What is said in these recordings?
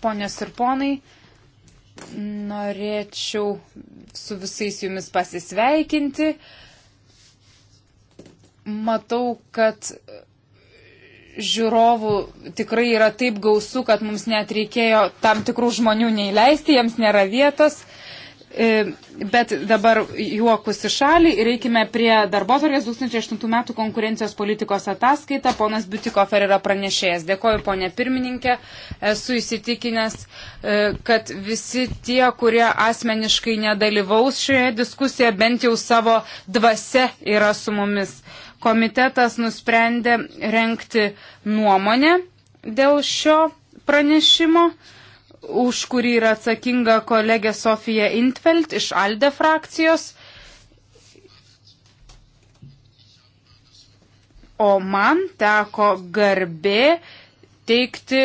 Ponios ir ponai, norėčiau su visais jumis pasisveikinti. Matau, kad žiūrovų tikrai yra taip gausu, kad mums net reikėjo tam tikrų žmonių neįleisti, jiems nėra vietos. E, bet dabar juokus į šalį ir reikime prie darbo tvarkės 2008 metų konkurencijos politikos ataskaita. Ponas Butikofer yra pranešėjas. Dėkoju, ponė pirmininkė. Esu įsitikinęs, e, kad visi tie, kurie asmeniškai nedalyvaus šioje diskusijoje, bent jau savo dvasia yra su mumis. Komitetas nusprendė renkti nuomonę dėl šio pranešimo už kurį yra atsakinga kolegė Sofija Intfeld iš Alde frakcijos. O man teko garbė teikti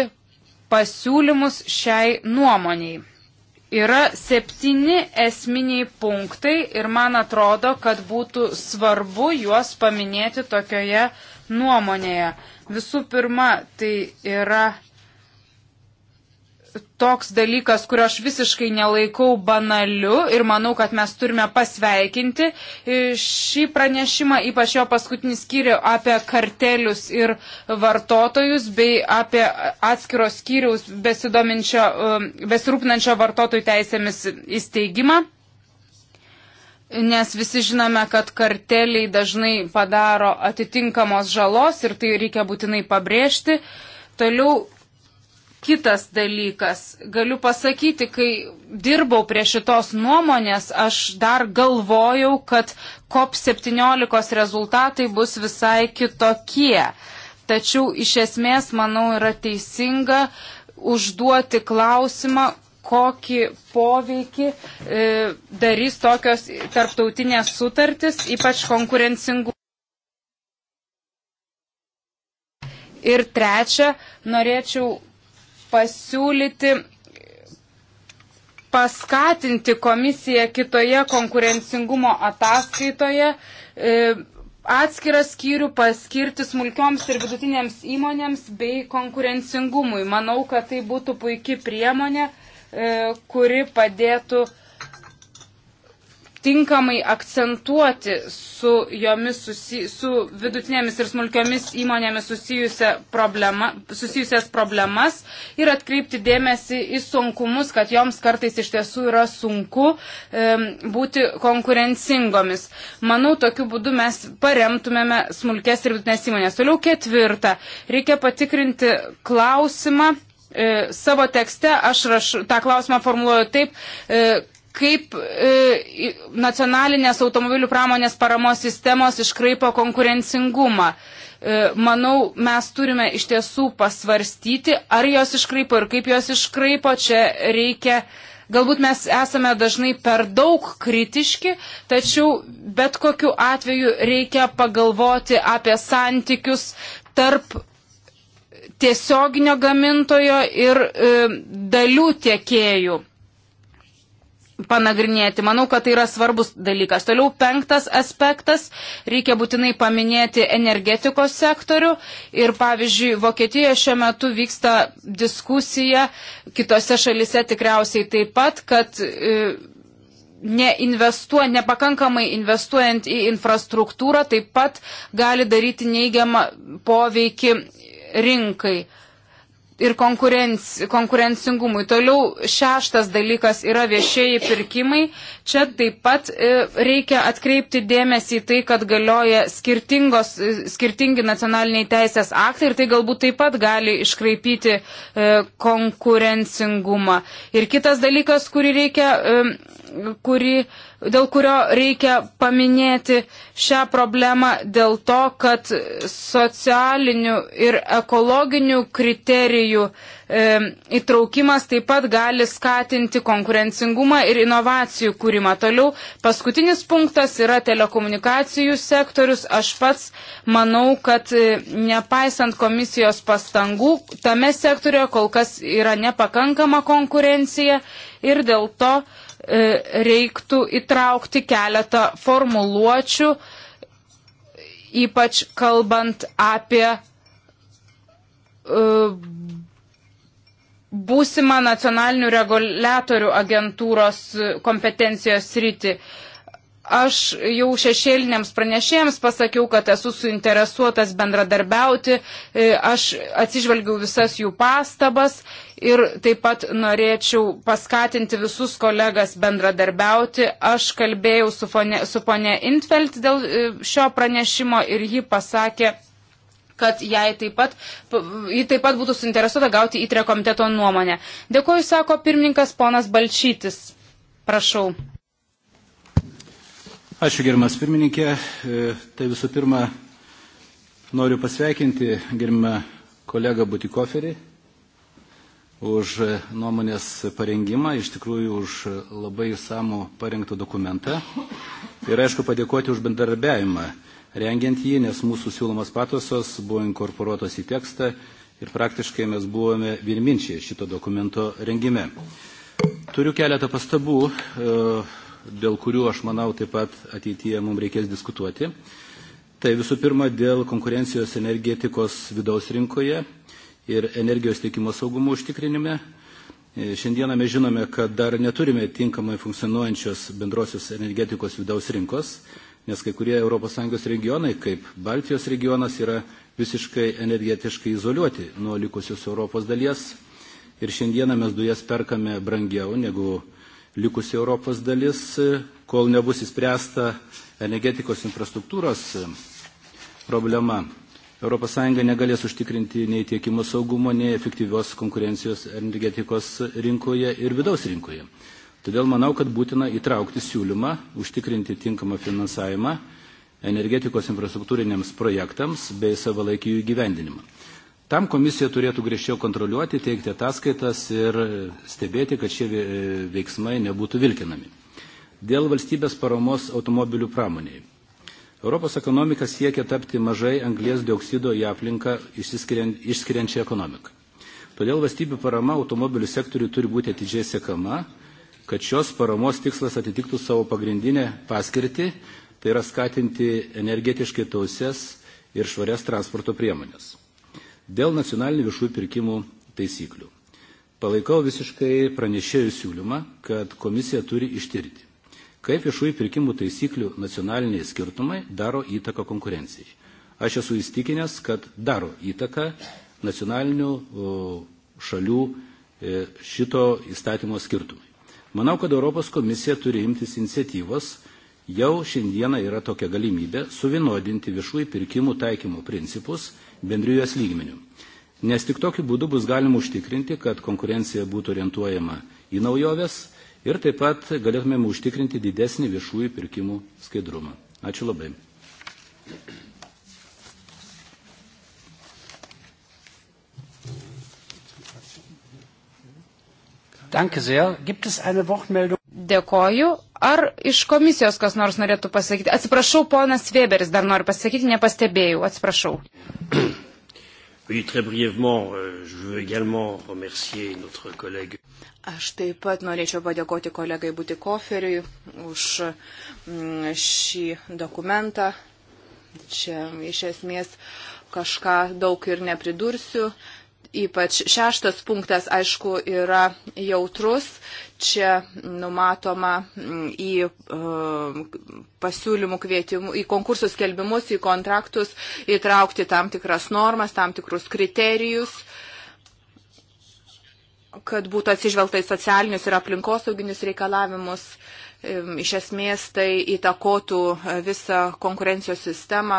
pasiūlymus šiai nuomoniai. Yra septyni esminiai punktai ir man atrodo, kad būtų svarbu juos paminėti tokioje nuomonėje. Visų pirma, tai yra toks dalykas, kurio aš visiškai nelaikau banaliu ir manau, kad mes turime pasveikinti e, šį pranešimą, ypač jo paskutinį skyrių apie kartelius ir vartotojus, bei apie atskiros skyriaus e, besirūpinančio vartotojų teisėmis įsteigimą. Nes visi žinome, kad karteliai dažnai padaro atitinkamos žalos ir tai reikia būtinai pabrėžti. Toliau Kitas dalykas, galiu pasakyti, kai dirbau prie šitos nuomonės, aš dar galvojau, kad COP17 rezultatai bus visai kitokie. Tačiau iš esmės, manau, yra teisinga užduoti klausimą, kokį poveikį e, darys tokios tarptautinės sutartis, ypač konkurencingų. Ir trečia, norėčiau pasiūlyti paskatinti komisiją kitoje konkurencingumo ataskaitoje e, atskirą skyrių paskirti smulkioms ir vidutinėms įmonėms bei konkurencingumui. Manau, kad tai būtų puikia priemonė, e, kuri padėtų tinkamai akcentuoti su, jomis susi, su vidutinėmis ir smulkiomis įmonėmis susijusia problema, susijusias problemas ir atkreipti dėmesį į sunkumus, kad joms kartais iš tiesų yra sunku e, būti konkurencingomis. Manau, tokiu būdu mes paremtumėme smulkės ir vidutinės įmonės. Toliau ketvirta. Reikia patikrinti klausimą e, savo tekste aš raš, tą klausimą formuluoju taip, e, kaip e, nacionalinės automobilių pramonės paramos sistemos iškraipo konkurencingumą. E, manau, mes turime iš tiesų pasvarstyti, ar jos iškraipo ir kaip jos iškraipo. Čia reikia, galbūt mes esame dažnai per daug kritiški, tačiau bet kokiu atveju reikia pagalvoti apie santykius tarp tiesioginio gamintojo ir e, dalių tiekėjų panagrinėti. Manau, kad tai yra svarbus dalykas. Toliau penktas aspektas, reikia būtinai paminėti energetikos sektorių. Ir pavyzdžiui, Vokietijoje šiuo metu vyksta diskusija, kitose šalise tikriausiai taip pat, kad e, neinvestuo, nepakankamai investuojant į infrastruktūrą taip pat gali daryti neigiamą poveikį rinkai ir konkurenci, konkurencingumui. Toliau šeštas dalykas yra viešieji pirkimai. Čia taip pat e, reikia atkreipti dėmesį į tai, kad galioja e, skirtingi nacionaliniai teisės aktai ir tai galbūt taip pat gali iškraipyti e, konkurencingumą. Ir kitas dalykas, kurį reikia, kurį dėl kurio reikia paminėti šią problemą, dėl to, kad socialinių ir ekologinių kriterijų e, įtraukimas taip pat gali skatinti konkurencingumą ir inovacijų kūrimą. Toliau paskutinis punktas yra telekomunikacijų sektorius. Aš pats manau, kad e, nepaisant komisijos pastangų, tame sektoriuje kol kas yra nepakankama konkurencija ir dėl to, E, reiktų įtraukti keletą formuluočių, ypač kalbant apie e, būsimą nacionalinių reguliatorių agentūros kompetencijos sritį. Aš jau šešėliniams pranešėjams pasakiau, kad esu suinteresuotas bendradarbiauti, e, aš atsižvelgiau visas jų pastabas ir taip pat norėčiau paskatinti visus kolegas bendradarbiauti. Aš kalbėjau su, fone, su ponė Intfeld dėl e, šio pranešimo ir ji pasakė kad jai taip pat, jai taip pat būtų suinteresuota gauti įtrio komiteto nuomonę. Dėkuoju, sako pirmininkas ponas Balčytis. Prašau. Ačiū, gerbiamas pirmininkė. E, tai visų pirma, noriu pasveikinti gerbiamą kolegą Butikoferį už nuomonės parengimą, iš tikrųjų už labai samų parengtą dokumentą. Ir aišku, padėkoti už bendarbiavimą, rengiant jį, nes mūsų siūlomas patosos buvo inkorporuotos į tekstą ir praktiškai mes buvome vienminčiai šito dokumento rengime. Turiu keletą pastabų e, dėl kurių aš manau taip pat ateityje mums reikės diskutuoti. Tai visų pirma dėl konkurencijos energetikos vidaus rinkoje ir energijos tiekimo saugumo užtikrinime. E, šiandieną mes žinome, kad dar neturime tinkamai funkcionuojančios bendrosios energetikos vidaus rinkos, nes kai kurie ES regionai, kaip Baltijos regionas, yra visiškai energetiškai izoliuoti nuo likusios Europos dalies. Ir šiandieną mes dujas perkame brangiau negu likusi Europos dalis, e, kol nebus įspręsta energetikos infrastruktūros e, problema. ES negalės užtikrinti nei tiekimo saugumo, nei efektyvios konkurencijos energetikos rinkoje ir vidaus rinkoje. Todėl manau, kad būtina įtraukti siūlymą, užtikrinti tinkamą finansavimą energetikos infrastruktūriniams projektams bei savalaikijų įgyvendinimą. Tam komisija turėtų griežčiau kontroliuoti, teikti ataskaitas ir stebėti, kad šie e, veiksmai nebūtų vilkinami. Dėl valstybės paramos automobilių pramoniai. Europos ekonomika siekia tapti mažai anglės dioksido į aplinką išskiriančią ekonomiką. Todėl valstybių parama automobilių sektoriui turi būti atidžiai sekama, kad šios paramos tikslas atitiktų savo pagrindinę paskirtį, tai yra skatinti energetiškai tausias ir švarias transporto priemonės dėl nacionalinių viešųjų pirkimų taisyklių. Palaikau visiškai pranešėjų siūlymą, kad komisija turi ištirti, kaip viešųjų pirkimų taisyklių nacionaliniai skirtumai daro įtaką konkurencijai. Aš esu įstikinęs, kad daro įtaką nacionalinių šalių e, šito įstatymo skirtumai. Manau, kad Europos komisija turi imtis iniciatyvos, jau šiandieną yra tokia galimybė suvienodinti viešųjų pirkimų taikymo principus bendrijos lygmenių. Nes tik tokiu būdu bus galima užtikrinti, kad konkurencija būtų orientuojama į naujoves ir taip pat galėtumėm užtikrinti didesnį viešųjų pirkimų skaidrumą. Ačiū labai. Danke sehr. Gibt es eine Wortmeldung? Dėkoju. Ar iš komisijos kas nors norėtų pasakyti? Atsiprašau, ponas Weberis dar nori pasakyti, nepastebėjau. Atsiprašau. Euh, Aš taip pat norėčiau padėkoti kolegai Būti Koferiui už mm, šį dokumentą. Čia iš esmės kažką daug ir nepridursiu. Uh, Ypač šeštas punktas, aišku, yra jautrus. Čia numatoma mm, į um, pasiūlymų kvietimų, į konkursų skelbimus, į kontraktus įtraukti tam tikras normas, tam tikrus kriterijus kad būtų atsižvelgta į socialinius ir aplinkosauginius reikalavimus. Iš esmės tai įtakotų e, visą konkurencijos sistemą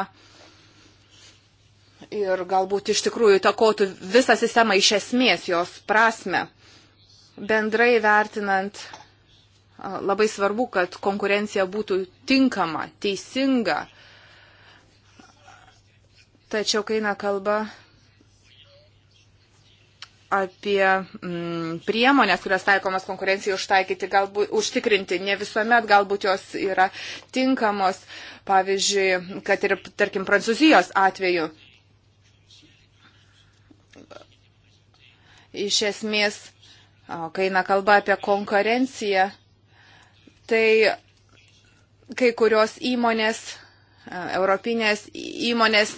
ir galbūt iš tikrųjų takotų visą sistemą iš esmės jos prasme. Bendrai vertinant, labai svarbu, kad konkurencija būtų tinkama, teisinga. Tačiau, kai eina kalba apie mm, priemonės, kurias taikomas konkurencijai užtaikyti, galbūt užtikrinti, ne visuomet galbūt jos yra tinkamos, pavyzdžiui, kad ir, tarkim, Prancūzijos atveju iš esmės, kai eina kalba apie konkurenciją, tai kai kurios įmonės, europinės įmonės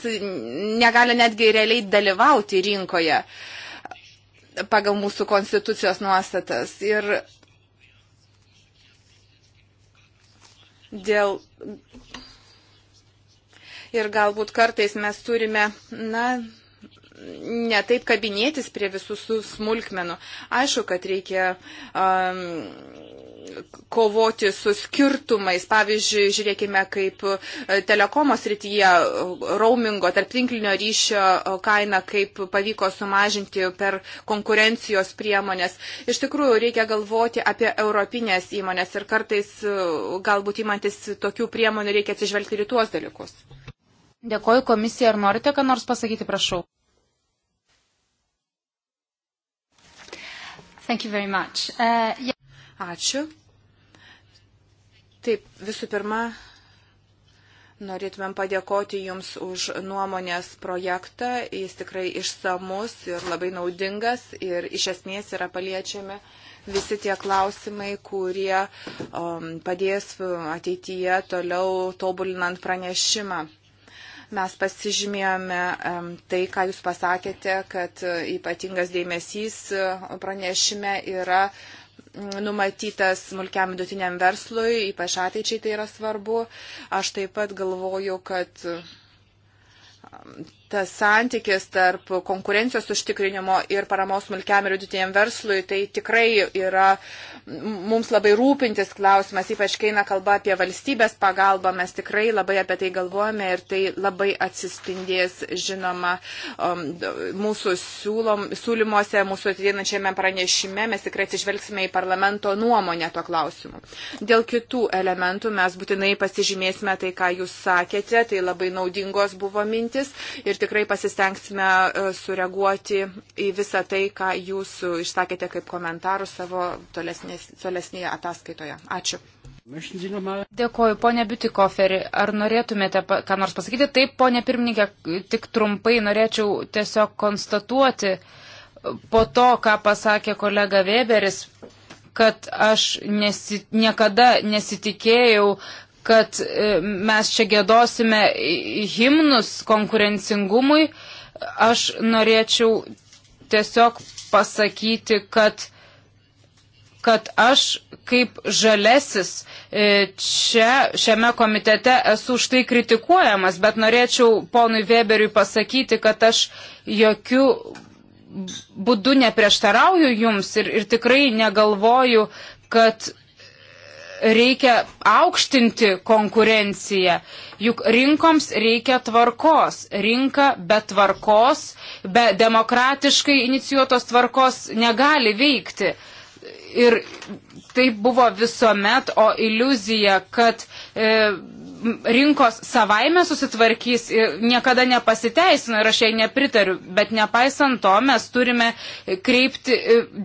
negali netgi realiai dalyvauti rinkoje pagal mūsų konstitucijos nuostatas. Ir dėl. Ir galbūt kartais mes turime, na, ne taip kabinėtis prie visų smulkmenų. Aišku, kad reikia um, kovoti su skirtumais. Pavyzdžiui, žiūrėkime, kaip e, telekomos rytyje e, roamingo, tarptinklinio ryšio e, kaina, kaip pavyko sumažinti per konkurencijos priemonės. Iš tikrųjų, reikia galvoti apie europinės įmonės ir kartais galbūt įmantis tokių priemonių reikia atsižvelgti ir tuos dalykus. Dėkoju komisijai, ar norite ką nors pasakyti, prašau. Thank you very much. Uh, yeah. Ačiū. Taip, visų pirma, norėtumėm padėkoti Jums už nuomonės projektą. Jis tikrai išsamus ir labai naudingas ir iš esmės yra paliečiami visi tie klausimai, kurie um, padės um, ateityje toliau tobulinant pranešimą. Mes pasižymėjome tai, ką Jūs pasakėte, kad e, ypatingas dėmesys e, pranešime yra numatytas smulkiam vidutiniam verslui, ypač ateičiai tai yra svarbu. Aš taip pat galvoju, kad tas santykis tarp konkurencijos užtikrinimo ir paramos smulkiam ir vidutiniam verslui, tai tikrai yra mums labai rūpintis klausimas, ypač kai eina kalba apie valstybės pagalbą, mes tikrai labai apie tai galvojame ir tai labai atsispindės, žinoma, um, mūsų siūlom, siūlymuose, mūsų ateinančiame pranešime, mes tikrai atsižvelgsime į parlamento nuomonę tuo klausimu. Dėl kitų elementų mes būtinai pasižymėsime tai, ką jūs sakėte, tai labai naudingos buvo mintis. Ir ir tikrai pasistengsime e, sureaguoti į visą tai, ką jūs išsakėte kaip komentarų savo tolesnėje ataskaitoje. Ačiū. Dėkoju, ponė Biutikoferi. Ar norėtumėte ką nors pasakyti? Taip, ponė pirmininkė, tik trumpai norėčiau tiesiog konstatuoti po to, ką pasakė kolega Weberis, kad aš nesi, niekada nesitikėjau, kad e, mes čia gėdosime himnus konkurencingumui, aš norėčiau tiesiog pasakyti, kad kad aš kaip žalesis e, čia šiame komitete esu už tai kritikuojamas, bet norėčiau ponui Weberiui pasakyti, kad aš jokių būdų neprieštarauju jums ir, ir tikrai negalvoju, kad reikia aukštinti konkurenciją, juk rinkoms reikia tvarkos. Rinka be tvarkos, be demokratiškai inicijuotos tvarkos negali veikti. Ir tai buvo visuomet, o iliuzija, kad e, rinkos savaime susitvarkys, niekada nepasiteisino ir aš jai nepritariu, bet nepaisant to mes turime kreipti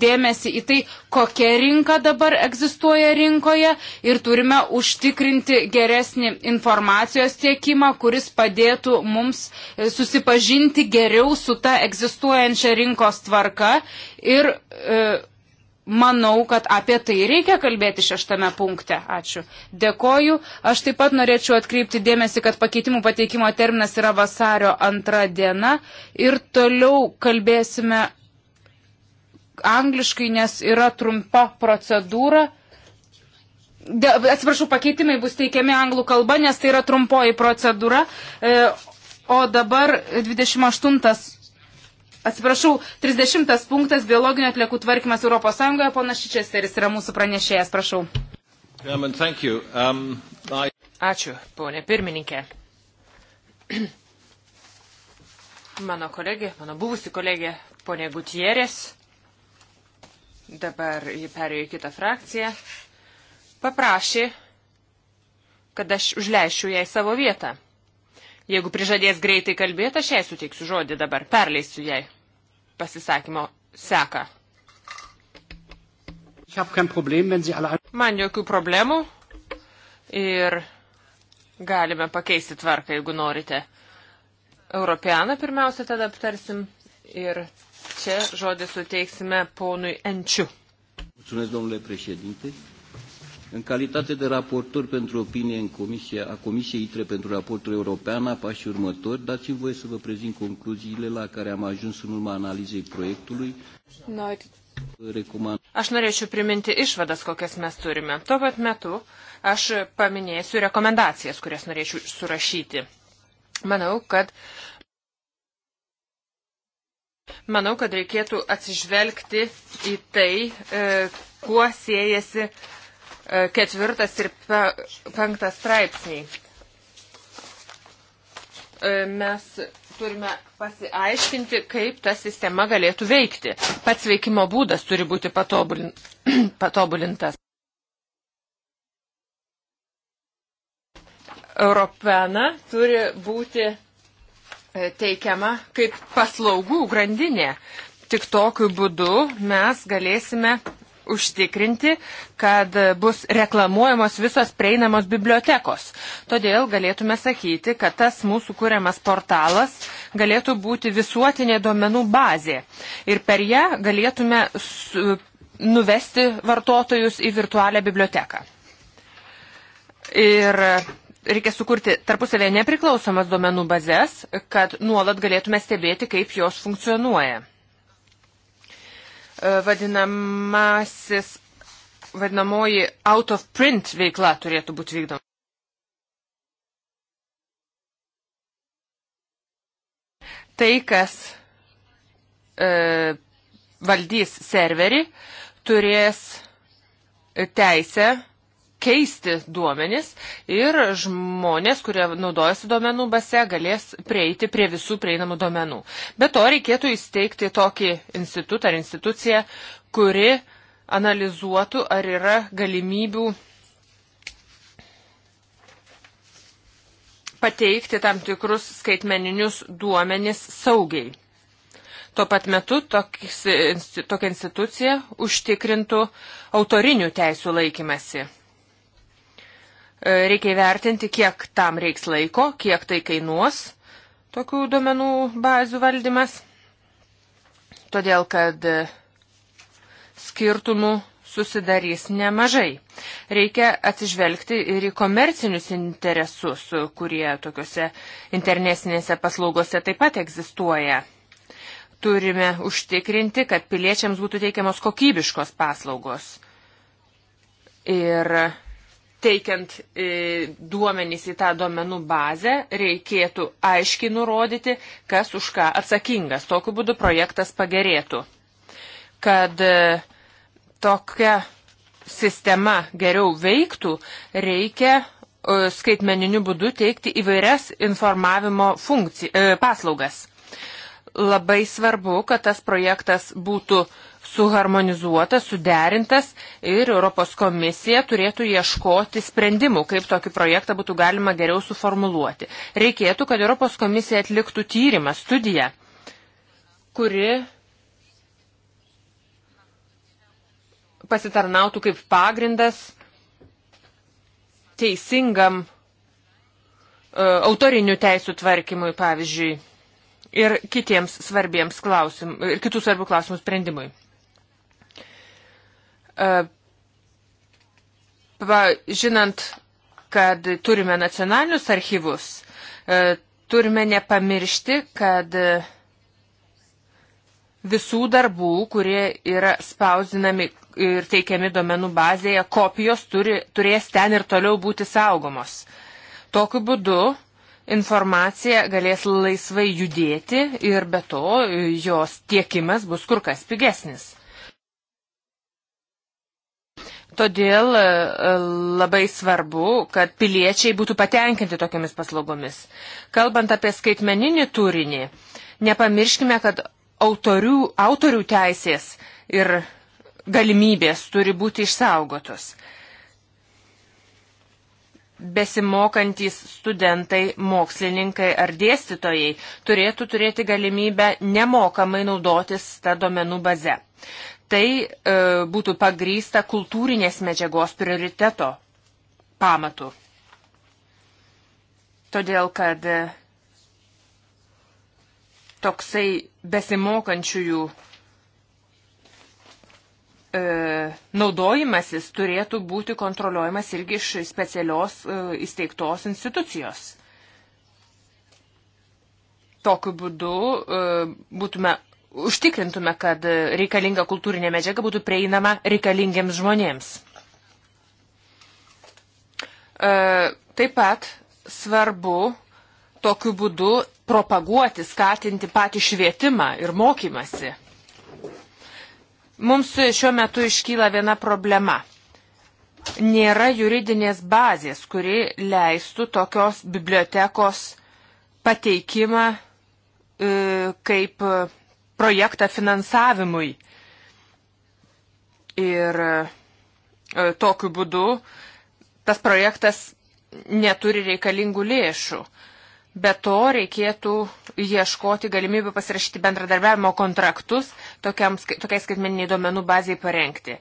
dėmesį į tai, kokia rinka dabar egzistuoja rinkoje ir turime užtikrinti geresnį informacijos tiekimą, kuris padėtų mums susipažinti geriau su ta egzistuojančia rinkos tvarka ir e, manau, kad apie tai reikia kalbėti šeštame punkte. Ačiū. Dėkoju. Aš taip pat norėčiau atkreipti dėmesį, kad pakeitimų pateikimo terminas yra vasario antra diena ir toliau kalbėsime angliškai, nes yra trumpa procedūra. De, atsiprašau, pakeitimai bus teikiami anglų kalba, nes tai yra trumpoji procedūra. E, o dabar 28 atsiprašau, 30 punktas biologinio atliekų tvarkymas ES, ponas Šičesteris yra mūsų pranešėjas, prašau. German, um, I... Ačiū, ponė pirmininkė. mano kolegė, mano buvusi kolegė, ponė Gutierės, dabar ji perėjo į kitą frakciją, paprašė, kad aš užleišiu jai savo vietą. Jeigu prižadės greitai kalbėti, aš jai suteiksiu žodį dabar, perleisiu jai pasisakymo seka. Man jokių problemų ir galime pakeisti tvarką, jeigu norite. Europeaną pirmiausia tada aptarsim ir čia žodį suteiksime ponui Enčiu. Mulțumesc, domnule președinte. În calitate de raportor pentru opinie în comisia, a Comisiei ITRE pentru raportul european, a pașii următori, dați-mi voie să vă prezint concluziile la care am ajuns în urma analizei proiectului. Noi. Rekomand... Aš norėčiau priminti išvadas, kokias mes turime. Tuo pat metu aš paminėsiu rekomendacijas, kurias norėčiau surašyti. Manau, kad Manau, kad reikėtų atsižvelgti į tai, e, kuo siejasi e, ketvirtas ir pe, penktas straipsniai. E, mes turime pasiaiškinti, kaip ta sistema galėtų veikti. Pats veikimo būdas turi būti patobulin, patobulintas. Europena turi būti e, teikiama kaip paslaugų grandinė. Tik tokiu būdu mes galėsime užtikrinti, kad bus reklamuojamos visos prieinamos bibliotekos. Todėl galėtume sakyti, kad tas mūsų kuriamas portalas galėtų būti visuotinė duomenų bazė. Ir per ją galėtume nuvesti vartotojus į virtualią biblioteką. Ir reikia sukurti tarpusavėje nepriklausomas duomenų bazės, kad nuolat galėtume stebėti, kaip jos funkcionuoja. E, vadinamasis, vadinamoji out of print veikla turėtų būti vykdoma. Tai, kas e, valdys serverį, turės teisę keisti duomenis ir žmonės, kurie naudojasi duomenų base, galės prieiti prie visų prieinamų duomenų. Be to reikėtų įsteigti tokį institutą ar instituciją, kuri analizuotų, ar yra galimybių pateikti tam tikrus skaitmeninius duomenis saugiai. Tuo pat metu tokia institucija užtikrintų autorinių teisų laikymasi. E, reikia įvertinti, kiek tam reiks laiko, kiek tai kainuos tokių duomenų bazių valdymas. Todėl, kad e, skirtumų susidarys nemažai. Reikia atsižvelgti ir į komercinius interesus, kurie tokiuose internetinėse paslaugose taip pat egzistuoja. Turime užtikrinti, kad piliečiams būtų teikiamos kokybiškos paslaugos. Ir teikiant e, duomenys į tą duomenų bazę, reikėtų aiškiai nurodyti, kas už ką atsakingas. Tokiu būdu projektas pagerėtų. Kad e, tokia sistema geriau veiktų, reikia e, skaitmeniniu būdu teikti įvairias informavimo funkci, e, paslaugas. Labai svarbu, kad tas projektas būtų e, suharmonizuotas, suderintas ir Europos komisija turėtų ieškoti sprendimų, kaip tokį projektą būtų galima geriau suformuluoti. Reikėtų, kad Europos komisija atliktų tyrimą, studiją, kuri pasitarnautų kaip pagrindas teisingam e, autorinių teisų tvarkymui, pavyzdžiui, ir kitiems svarbiems klausimų, ir kitų svarbių klausimų sprendimui va, e, žinant, kad turime nacionalinius archyvus, e, turime nepamiršti, kad visų darbų, kurie yra spausdinami ir teikiami duomenų bazėje, kopijos turi, turės ten ir toliau būti saugomos. Tokiu būdu informacija galės laisvai judėti ir be to jos tiekimas bus kur kas pigesnis. Todėl e, e, labai svarbu, kad piliečiai būtų patenkinti tokiamis paslaugomis. Kalbant apie skaitmeninį turinį, nepamirškime, kad autorių, autorių teisės ir galimybės turi būti išsaugotos. Besimokantys studentai, mokslininkai ar dėstytojai turėtų turėti galimybę nemokamai naudotis tą domenų bazę tai e, būtų pagrysta kultūrinės medžiagos prioriteto pamatu. Todėl, kad e, toksai besimokančiųjų e, naudojimasis turėtų būti kontroliuojamas irgi iš specialios e, įsteigtos institucijos. Tokiu būdu e, būtume užtikrintume, kad reikalinga kultūrinė medžiaga būtų prieinama reikalingiems žmonėms. E, taip pat svarbu tokiu būdu propaguoti, skatinti patį švietimą ir mokymasi. Mums šiuo metu iškyla viena problema. Nėra juridinės bazės, kuri leistų tokios bibliotekos pateikimą e, kaip projektą finansavimui. Ir e, tokiu būdu tas projektas neturi reikalingų lėšų. Be to reikėtų ieškoti galimybių pasirašyti bendradarbiavimo kontraktus tokiams, tokiai skaitmeniniai duomenų baziai parengti.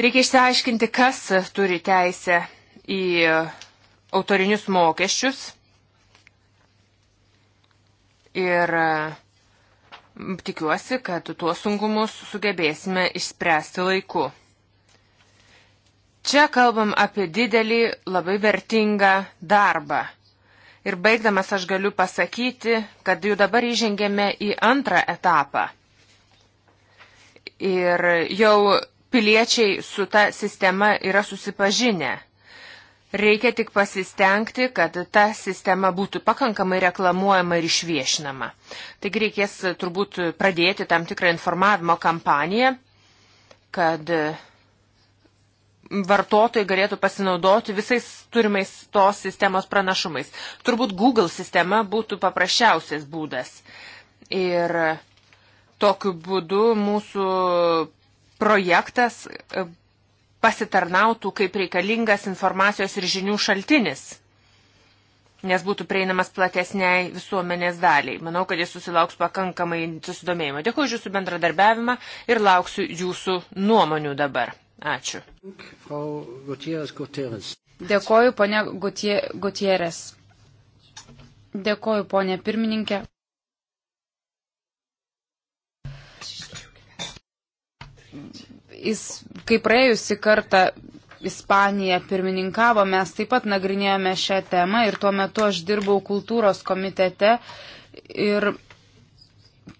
Reikia išsiaiškinti, kas turi teisę į autorinius mokesčius. Ir uh, tikiuosi, kad tuos sunkumus sugebėsime išspręsti laiku. Čia kalbam apie didelį, labai vertingą darbą. Ir baigdamas aš galiu pasakyti, kad jau dabar įžengėme į antrą etapą. Ir jau piliečiai su ta sistema yra susipažinę. Reikia tik pasistengti, kad ta sistema būtų pakankamai reklamuojama ir išviešinama. Taigi reikės e, turbūt pradėti tam tikrą informavimo kampaniją, kad e, vartotojai galėtų pasinaudoti visais turimais tos sistemos pranašumais. Turbūt Google sistema būtų paprasčiausias būdas. Ir tokiu būdu mūsų projektas e, pasitarnautų kaip reikalingas informacijos ir žinių šaltinis, nes būtų prieinamas platesniai visuomenės daliai. Manau, kad jis susilauks pakankamai susidomėjimo. Dėkuoju už jūsų bendradarbiavimą ir lauksiu jūsų nuomonių dabar. Ačiū. Dėkuoju, ponė Gutierės. Dėkuoju, ponė pirmininkė jis, kai praėjusi kartą Ispanija pirmininkavo, mes taip pat nagrinėjome šią temą ir tuo metu aš dirbau kultūros komitete ir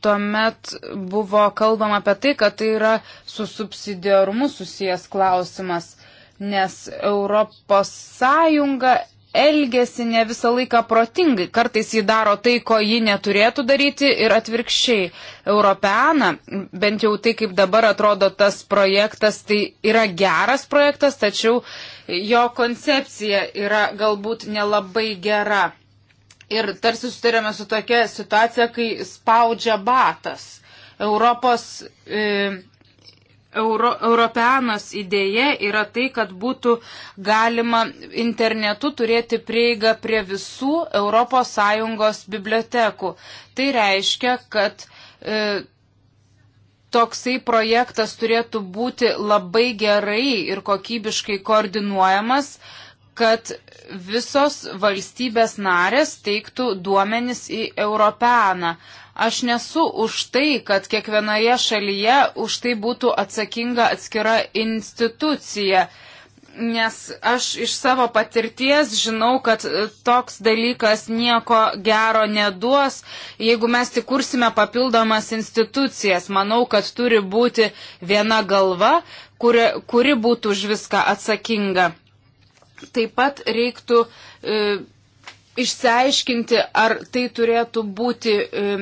tuomet buvo kalbama apie tai, kad tai yra su subsidiarumu susijęs klausimas, nes Europos Sąjunga elgesi ne visą laiką protingai. Kartais ji daro tai, ko ji neturėtų daryti ir atvirkščiai. Europeana, bent jau tai, kaip dabar atrodo tas projektas, tai yra geras projektas, tačiau jo koncepcija yra galbūt nelabai gera. Ir tarsi sutarėme su tokia situacija, kai spaudžia batas. Europos. E, Euro, Europeanos idėja yra tai, kad būtų galima internetu turėti prieigą prie visų ES bibliotekų. Tai reiškia, kad e, toksai projektas turėtų būti labai gerai ir kokybiškai koordinuojamas, kad visos valstybės narės teiktų duomenis į Europeaną. Aš nesu už tai, kad kiekvienoje šalyje už tai būtų atsakinga atskira institucija, nes aš iš savo patirties žinau, kad e, toks dalykas nieko gero neduos, jeigu mes tik kursime papildomas institucijas. Manau, kad turi būti viena galva, kuri, kuri būtų už viską atsakinga. Taip pat reiktų. E, išsiaiškinti, ar tai turėtų būti e,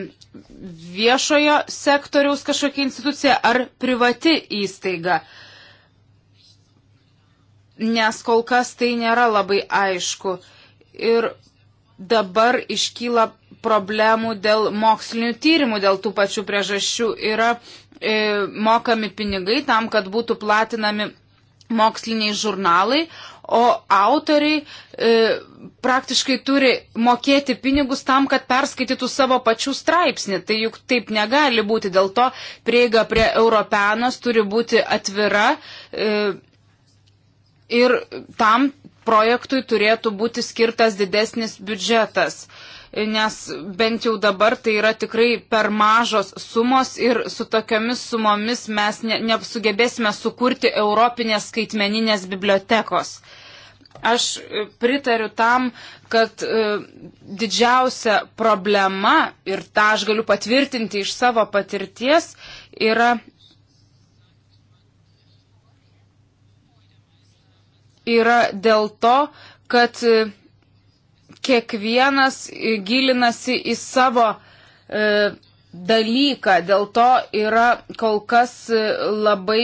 viešojo sektoriaus kažkokia institucija ar privati įstaiga. Nes kol kas tai nėra labai aišku. Ir dabar iškyla problemų dėl mokslinių tyrimų, dėl tų pačių priežasčių. Yra e, mokami pinigai tam, kad būtų platinami moksliniai žurnalai, o autoriai e, praktiškai turi mokėti pinigus tam, kad perskaitytų savo pačių straipsnį. Tai juk taip negali būti, dėl to prieiga prie Europenos turi būti atvira e, ir tam projektui turėtų būti skirtas didesnis biudžetas nes bent jau dabar tai yra tikrai per mažos sumos ir su tokiamis sumomis mes ne, nesugebėsime sukurti Europinės skaitmeninės bibliotekos. Aš e, pritariu tam, kad e, didžiausia problema, ir tą aš galiu patvirtinti iš savo patirties, yra yra dėl to, kad e, kiekvienas gilinasi į savo e, dalyką, dėl to yra kol kas e, labai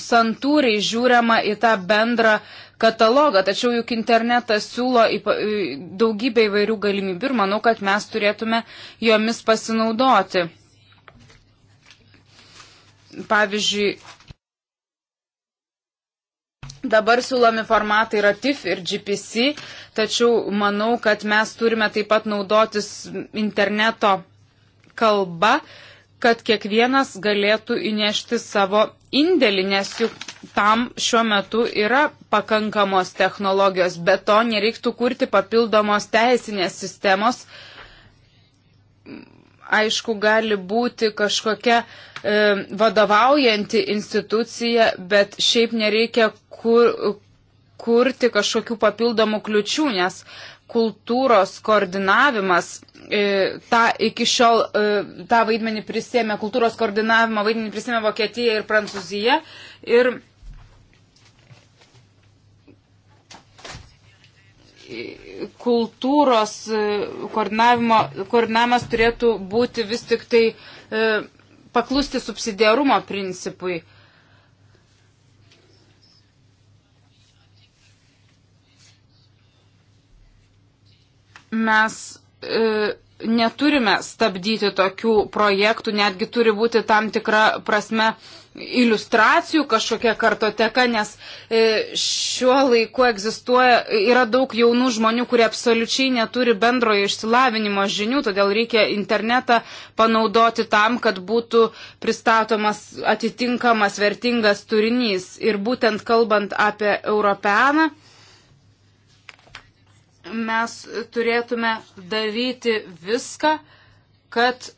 santūriai žiūrima į tą bendrą katalogą, tačiau juk internetas siūlo daugybę įvairių galimybių ir manau, kad mes turėtume jomis pasinaudoti. Pavyzdžiui, Dabar siūlomi formatai yra TIF ir GPC, tačiau manau, kad mes turime taip pat naudotis interneto kalba, kad kiekvienas galėtų įnešti savo indėlį, nes juk tam šiuo metu yra pakankamos technologijos, bet to nereiktų kurti papildomos teisinės sistemos aišku, gali būti kažkokia e, vadovaujanti institucija, bet šiaip nereikia kur, kurti kažkokių papildomų kliučių, nes kultūros koordinavimas, e, tą iki šiol e, tą vaidmenį prisėmė, kultūros koordinavimo vaidmenį prisėmė Vokietija ir Prancūzija. Ir kultūros e, koordinavimas turėtų būti vis tik tai e, paklusti subsidiarumo principui. Mes e, neturime stabdyti tokių projektų, netgi turi būti tam tikra prasme e, iliustracijų kažkokia kartoteka, nes e, šiuo laiku egzistuoja, yra daug jaunų žmonių, kurie absoliučiai neturi bendrojo išsilavinimo žinių, todėl reikia internetą panaudoti tam, kad būtų pristatomas atitinkamas vertingas turinys. Ir būtent kalbant apie Europeaną, mes turėtume daryti viską, kad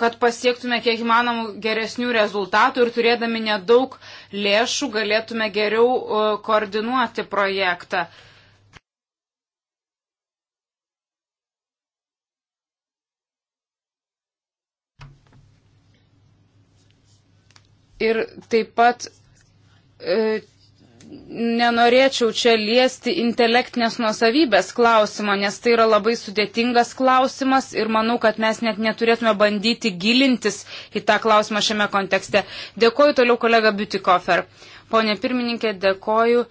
kad pasiektume kiek įmanomų geresnių rezultatų ir turėdami nedaug lėšų galėtume geriau e, koordinuoti projektą. Ir taip pat e, nenorėčiau čia liesti intelektinės nuosavybės klausimo, nes tai yra labai sudėtingas klausimas ir manau, kad mes net neturėtume bandyti gilintis į tą klausimą šiame kontekste. Dėkoju toliau kolega Butikofer. Pone pirmininkė, dėkoju.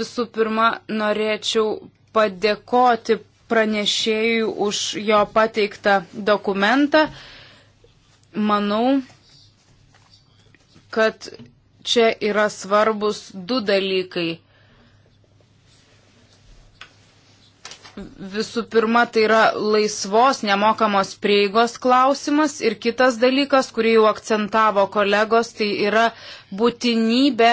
Visų pirma, norėčiau padėkoti pranešėjui už jo pateiktą dokumentą. Manau, kad čia yra svarbus du dalykai. Visų pirma, tai yra laisvos nemokamos prieigos klausimas ir kitas dalykas, kurį jau akcentavo kolegos, tai yra būtinybė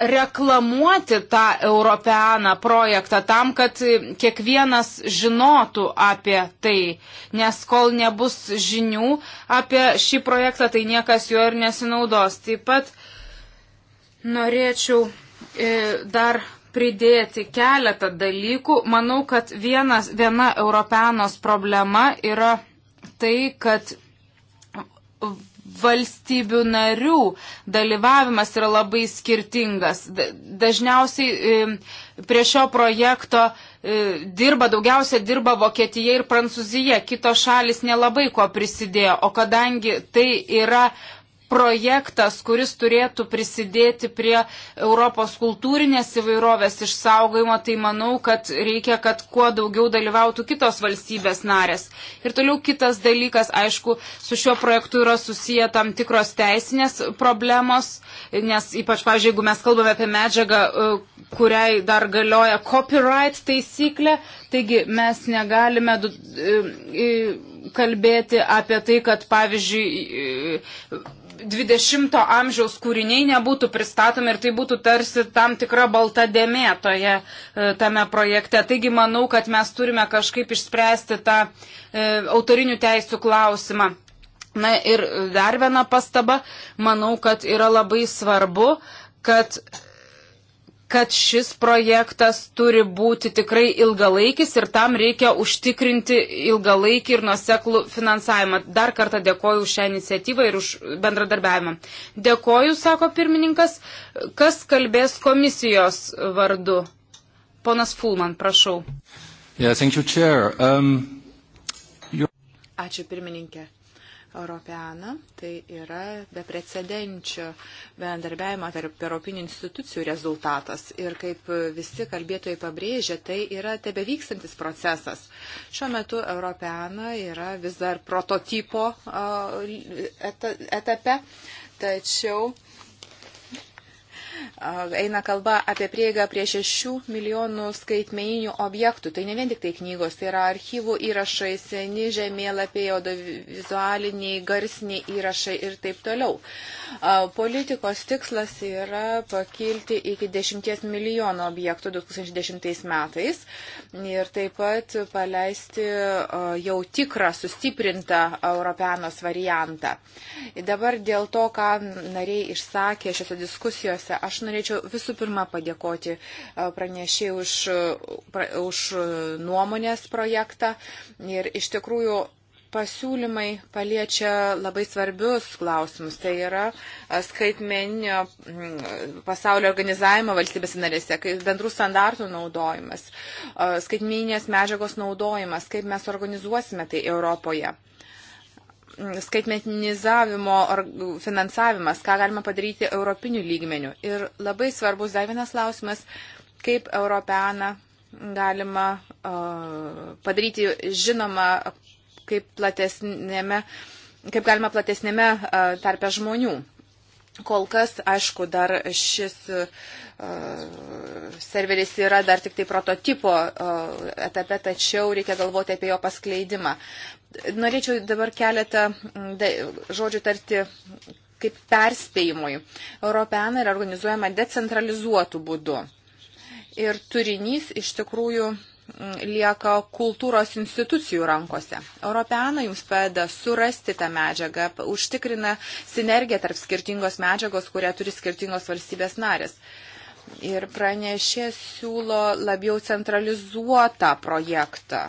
reklamuoti tą Europeaną projektą tam, kad kiekvienas žinotų apie tai, nes kol nebus žinių apie šį projektą, tai niekas juo ir nesinaudos. Taip pat norėčiau e, dar pridėti keletą dalykų. Manau, kad vienas, viena Europeanos problema yra tai, kad valstybių narių dalyvavimas yra labai skirtingas. Dažniausiai e, prie šio projekto e, dirba, daugiausia dirba Vokietija ir Prancūzija, kitos šalis nelabai ko prisidėjo, o kadangi tai yra projektas, kuris turėtų prisidėti prie Europos kultūrinės įvairovės išsaugojimo, tai manau, kad reikia, kad kuo daugiau dalyvautų kitos valstybės narės. Ir toliau kitas dalykas, aišku, su šiuo projektu yra susiję tam tikros teisinės problemos, nes ypač, pavyzdžiui, jeigu mes kalbame apie medžiagą, e, kuriai dar galioja copyright taisyklė, taigi mes negalime e, e, kalbėti apie tai, kad, pavyzdžiui, 20 amžiaus kūriniai nebūtų pristatomi ir tai būtų tarsi tam tikra balta dėmė toje, e, tame projekte. Taigi manau, kad mes turime kažkaip išspręsti tą e, autorinių teisų klausimą. Na ir dar viena pastaba, manau, kad yra labai svarbu, kad kad šis projektas turi būti tikrai ilgalaikis ir tam reikia užtikrinti ilgalaikį ir nuseklų finansavimą. Dar kartą dėkoju už šią iniciatyvą ir už bendradarbiavimą. Dėkoju, sako pirmininkas, kas kalbės komisijos vardu. Ponas Fulman, prašau. Yeah, you, um, Ačiū pirmininkė. Europeana. Tai yra beprecedenčio bendarbiavimo tarp Europinių institucijų rezultatas. Ir kaip visi kalbėtojai pabrėžia, tai yra tebevykstantis procesas. Šiuo metu Europeana yra vis dar prototipo etape, tačiau eina kalba apie prieigą prie 6 milijonų skaitmeninių objektų. Tai ne vien tik tai knygos, tai yra archyvų įrašai, seni žemėlapiai, audiovizualiniai, garsiniai įrašai ir taip toliau. Politikos tikslas yra pakilti iki 10 milijonų objektų 2010 metais ir taip pat paleisti jau tikrą sustiprintą Europeanos variantą. Dabar dėl to, ką nariai išsakė šiose diskusijose, Aš norėčiau visų pirma padėkoti e, pranešėjai už, pra, už nuomonės projektą ir iš tikrųjų pasiūlymai paliečia labai svarbius klausimus. Tai yra e, skaitmeninio pasaulio organizavimo valstybės narėse, bendrų standartų naudojimas, e, skaitmeninės medžiagos naudojimas, kaip mes organizuosime tai Europoje skaitmetinizavimo finansavimas, ką galima padaryti europinių lygmenių. Ir labai svarbus dar vienas klausimas, kaip Europeaną galima uh, padaryti žinoma, kaip, platesnėme, kaip galima platesnėme uh, tarpe žmonių. Kol kas, aišku, dar šis uh, serveris yra dar tik tai prototipo uh, etape, tačiau reikia galvoti apie jo paskleidimą. Norėčiau dabar keletą žodžių tarti kaip perspėjimui. Europeana yra organizuojama decentralizuotų būdų. Ir turinys iš tikrųjų lieka kultūros institucijų rankose. Europeana jums padeda surasti tą medžiagą, užtikrina sinergiją tarp skirtingos medžiagos, kurią turi skirtingos valstybės narės. Ir pranešė siūlo labiau centralizuotą projektą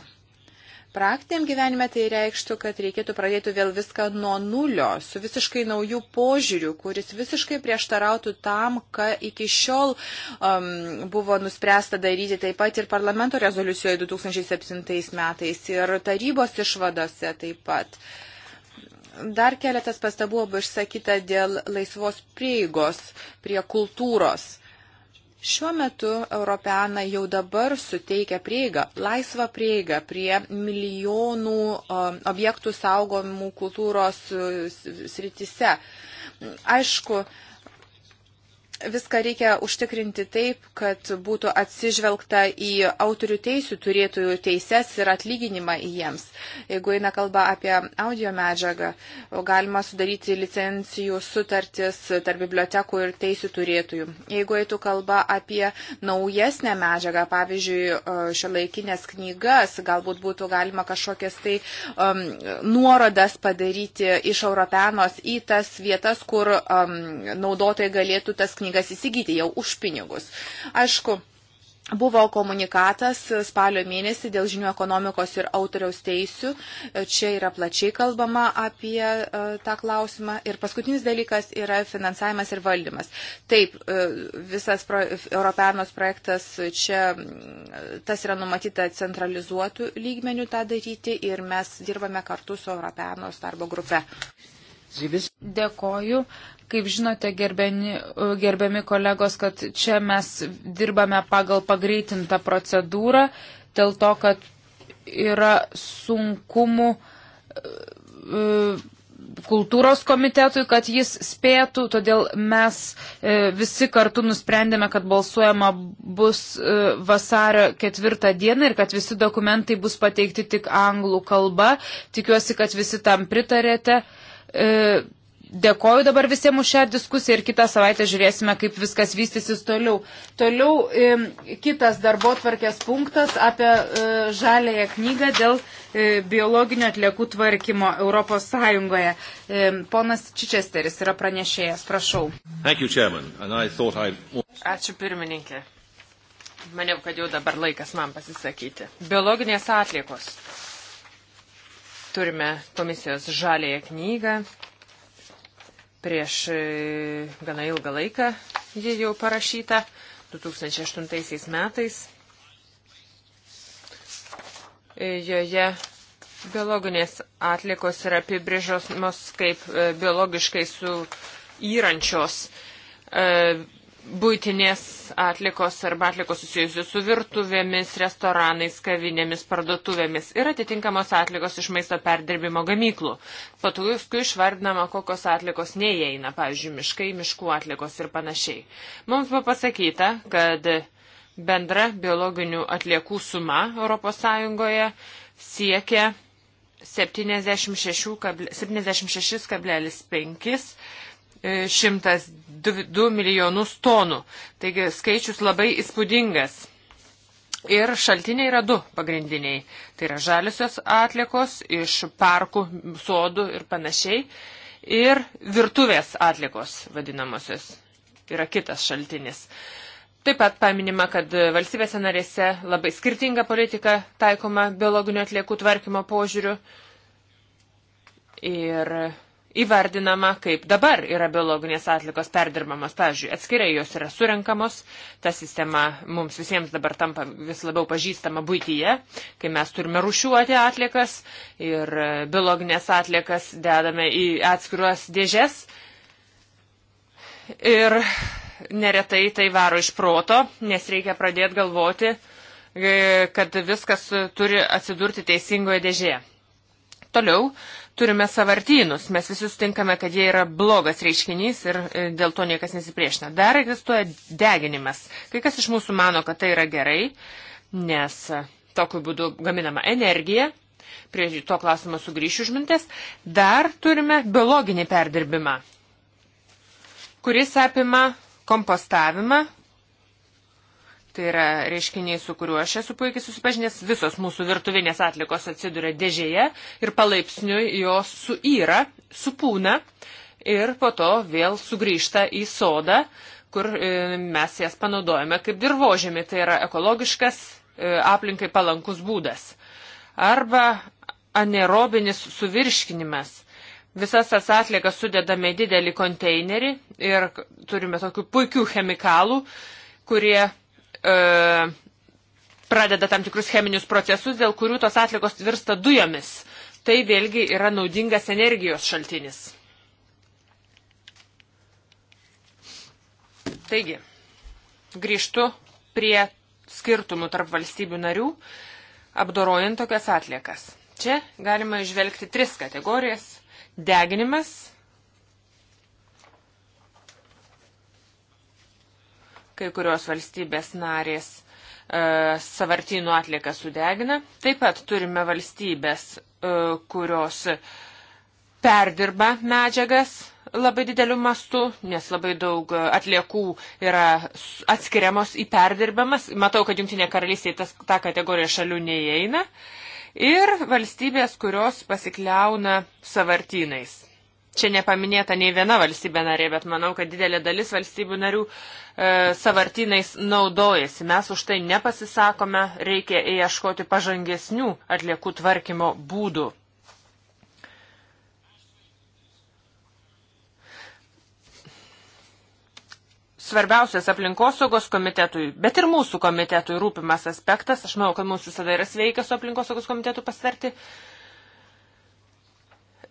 Praktiniam gyvenime tai reikštų, kad reikėtų pradėti vėl viską nuo nulio, su visiškai naujų požiūrių, kuris visiškai prieštarautų tam, ką iki šiol um, buvo nuspręsta daryti taip pat ir parlamento rezoliucijoje 2007 metais ir tarybos išvadose taip pat. Dar keletas pastabų buvo išsakyta dėl laisvos prieigos prie kultūros Šiuo metu Europeana jau dabar suteikia prieigą, laisvą prieigą prie milijonų objektų saugomų kultūros e, sritise. Aišku, viską reikia užtikrinti taip, kad būtų atsižvelgta į autorių teisų turėtųjų teises ir atlyginimą jiems. Jeigu eina kalba apie audio medžiagą, galima sudaryti licencijų sutartis tarp bibliotekų ir teisų turėtųjų. Jeigu eitų kalba apie naujesnę medžiagą, pavyzdžiui, e, šiolaikinės knygas, galbūt būtų galima kažkokias tai um, nuorodas padaryti iš Europenos į tas vietas, kur um, naudotojai galėtų tas knygas knygas įsigyti jau už pinigus. Aišku, Buvo komunikatas spalio mėnesį dėl žinių ekonomikos ir autoriaus teisių. Čia yra plačiai kalbama apie e, tą klausimą. Ir paskutinis dalykas yra finansavimas ir valdymas. Taip, e, visas pro, Europeanos projektas čia, tas yra numatyta centralizuotų lygmenių tą daryti ir mes dirbame kartu su Europeanos darbo grupe. Dėkoju. Kaip žinote, gerbiami, gerbiami kolegos, kad čia mes dirbame pagal pagreitintą procedūrą, dėl to, kad yra sunkumų e, kultūros komitetui, kad jis spėtų, todėl mes e, visi kartu nusprendėme, kad balsuojama bus e, vasario ketvirtą dieną ir kad visi dokumentai bus pateikti tik anglų kalba. Tikiuosi, kad visi tam pritarėte. E, dėkoju dabar visiems už šią diskusiją ir kitą savaitę žiūrėsime, kaip viskas vystysis toliau. Toliau e, kitas darbo tvarkės punktas apie e, žalėją knygą dėl biologinio atliekų tvarkymo Europos Sąjungoje. Ponas Čičesteris yra pranešėjas, prašau. You, I... Ačiū pirmininkė. Maniau, kad jau dabar laikas man pasisakyti. Biologinės atliekos. Turime komisijos žalėje knygą. Prieš e, gana ilgą laiką ji jau parašyta, 2008 metais. E, joje biologinės atlikos yra apibrėžos kaip e, biologiškai su įrančios būtinės atlikos arba atlikos susijusios su virtuvėmis, restoranais, kavinėmis, parduotuvėmis ir atitinkamos atlikos iš maisto perdirbimo gamyklų. Paskui išvardinama, kokios atlikos neįeina, pavyzdžiui, miškai, miškų atlikos ir panašiai. Mums buvo pasakyta, kad bendra biologinių atliekų suma ES siekia 76,5 102 milijonus tonų. Taigi skaičius labai įspūdingas. Ir šaltiniai yra du pagrindiniai. Tai yra žaliosios atlikos iš parkų, sodų ir panašiai. Ir virtuvės atlikos vadinamosios yra kitas šaltinis. Taip pat paminima, kad valstybėse narėse labai skirtinga politika taikoma biologinių atliekų tvarkymo požiūriu. Ir įvardinama, kaip dabar yra biologinės atlikos perdirbamos. Pavyzdžiui, atskirai jos yra surenkamos, ta sistema mums visiems dabar tampa vis labiau pažįstama būtyje, kai mes turime rušiuoti atliekas ir e, biologinės atliekas dedame į atskiruos dėžes. Ir neretai tai varo iš proto, nes reikia pradėti galvoti, e, kad viskas turi atsidurti teisingoje dėžėje. Toliau turime savartynus. Mes visi sutinkame, kad jie yra blogas reiškinys ir e, dėl to niekas nesipriešina. Dar egzistuoja deginimas. Kai kas iš mūsų mano, kad tai yra gerai, nes e, tokiu būdu gaminama energija. Prie to klausimo sugrįšiu užmintės. Dar turime biologinį perdirbimą, kuris apima kompostavimą, Tai yra reiškiniai, su kuriuo aš esu puikiai susipažinęs. Visos mūsų virtuvinės atlikos atsiduria dėžėje ir palaipsniui jos suyra, supūna ir po to vėl sugrįžta į sodą, kur e, mes jas panaudojame kaip dirbožėmi. Tai yra ekologiškas e, aplinkai palankus būdas. Arba anerobinis suvirškinimas. Visas tas atliekas sudedame į didelį konteinerį ir turime tokių puikių chemikalų, kurie e, pradeda tam tikrus cheminius procesus, dėl kurių tos atlikos virsta dujomis. Tai vėlgi yra naudingas energijos šaltinis. Taigi, grįžtu prie skirtumų tarp valstybių narių, apdorojant tokias atliekas. Čia galima išvelgti tris kategorijas - deginimas, kai kurios valstybės narės e, savartynų atliką sudegina. Taip pat turime valstybės, e, kurios perdirba medžiagas labai dideliu mastu, nes labai daug e, atliekų yra atskiriamos į perdirbamas. Matau, kad Junktinė karalystė tas, tą kategoriją šalių neįeina. Ir valstybės, kurios pasikliauna savartynais. Čia nepaminėta nei viena valstybė narė, bet manau, kad didelė dalis valstybių narių e, savartinais naudojasi. Mes už tai nepasisakome, reikia ieškoti pažangesnių atliekų tvarkymo būdų. svarbiausias aplinkosaugos komitetui, bet ir mūsų komitetui rūpimas aspektas, aš manau, kad mūsų visada yra sveikas su aplinkosaugos komitetu pasverti,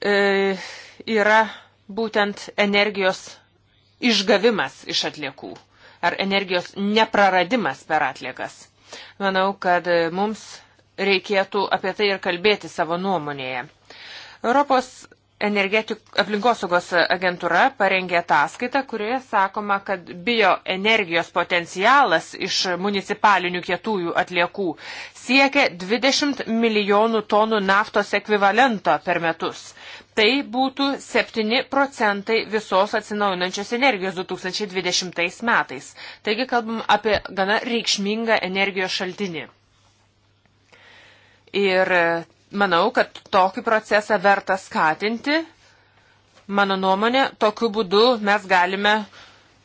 e, yra būtent energijos išgavimas iš atliekų ar energijos nepraradimas per atliekas. Manau, kad mums reikėtų apie tai ir kalbėti savo nuomonėje. Europos aplinkosaugos agentūra parengė ataskaitą, kurioje sakoma, kad bioenergijos potencialas iš municipalinių kietųjų atliekų siekia 20 milijonų tonų naftos ekvivalento per metus. Tai būtų 7 procentai visos atsinaujinančios energijos 2020 metais. Taigi kalbam apie gana reikšmingą energijos šaltinį. Ir Manau, kad tokį procesą verta skatinti. Mano nuomonė, tokiu būdu mes galime